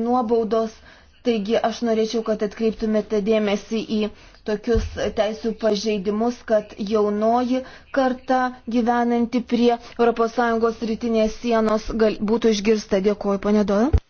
nuobaudos. Taigi aš norėčiau, kad atkreiptumėte dėmesį į tokius teisų pažeidimus, kad jaunoji karta gyvenanti prie ES rytinės sienos gal, būtų išgirsta. Dėkuoju, ponė Doyle.